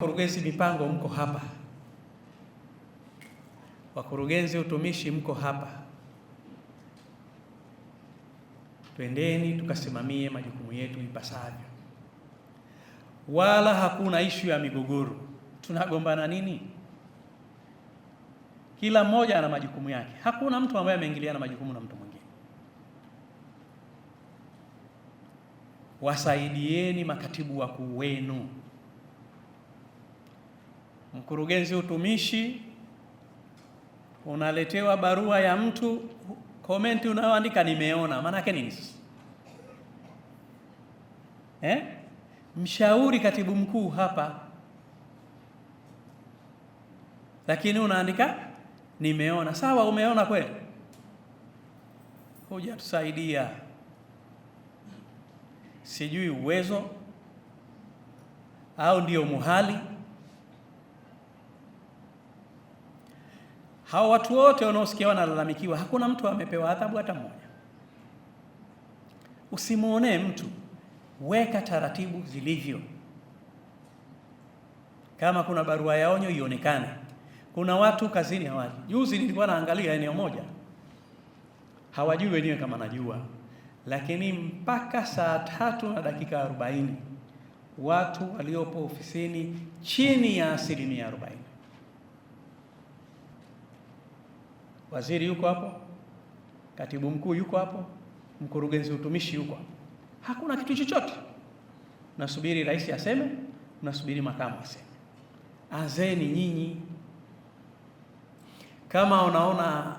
Wakurugenzi mipango mko hapa, wakurugenzi utumishi mko hapa, twendeni tukasimamie majukumu yetu ipasavyo. Wala hakuna ishu ya migogoro, tunagombana nini? Kila mmoja ana majukumu yake, hakuna mtu ambaye ameingiliana majukumu na mtu mwingine. Wasaidieni makatibu wakuu wenu mkurugenzi utumishi, unaletewa barua ya mtu, komenti unayoandika nimeona, maana yake nini eh? Mshauri katibu mkuu hapa, lakini unaandika nimeona. Sawa, umeona kweli, hujatusaidia sijui uwezo au ndio muhali Hao watu wote wanaosikia wanalalamikiwa, hakuna mtu amepewa adhabu hata mmoja. Usimwonee mtu, weka taratibu zilivyo. Kama kuna barua ya onyo ionekane. Kuna watu kazini hawaji. Juzi nilikuwa naangalia eneo moja, hawajui wenyewe kama najua, lakini mpaka saa tatu na dakika arobaini watu waliopo ofisini chini ya asilimia arobaini Waziri yuko hapo, katibu mkuu yuko hapo, mkurugenzi utumishi yuko hapo, hakuna kitu chochote. Nasubiri rais aseme, nasubiri makamu aseme. Anzeni nyinyi. Kama unaona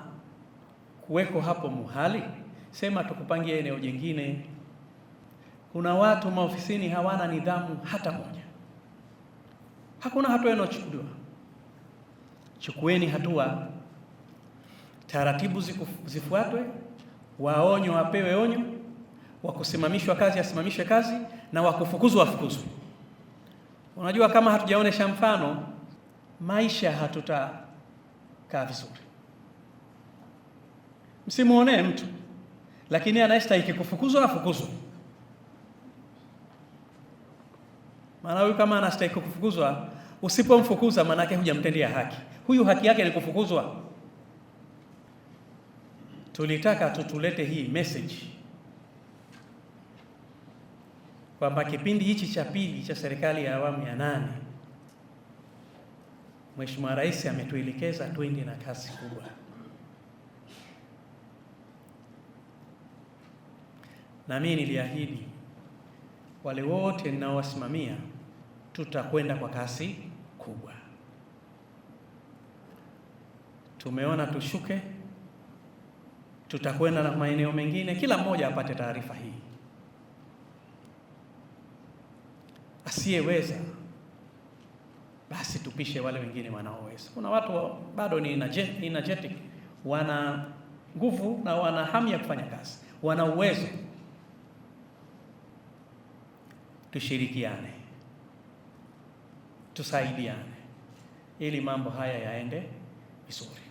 kuweko hapo muhali, sema tukupangie eneo jingine. Kuna watu maofisini hawana nidhamu hata moja, hakuna hatua inayochukuliwa. Chukueni hatua taratibu zifuatwe, waonyo wapewe onyo, wakusimamishwa kazi asimamishwe kazi, na wakufukuzwa afukuzwe Unajua, kama hatujaonesha mfano, maisha hatutakaa vizuri. Msimuonee mtu, lakini anayestahiki kufukuzwa afukuzwe. Maana huyu kama anastahiki kufukuzwa, usipomfukuza maanake hujamtendea haki. Huyu haki yake ni kufukuzwa tulitaka tutulete hii message kwamba kipindi hichi cha pili cha serikali ya awamu ya nane Mheshimiwa Rais ametuelekeza twende na kasi kubwa, na mimi niliahidi wale wote ninaowasimamia tutakwenda kwa kasi kubwa. Tumeona tushuke tutakwenda na maeneo mengine, kila mmoja apate taarifa hii. Asiyeweza basi tupishe wale wengine wanaoweza. Kuna watu bado ni energetic, wana nguvu na wana hamu ya kufanya kazi, wana uwezo. Tushirikiane, tusaidiane ili mambo haya yaende vizuri.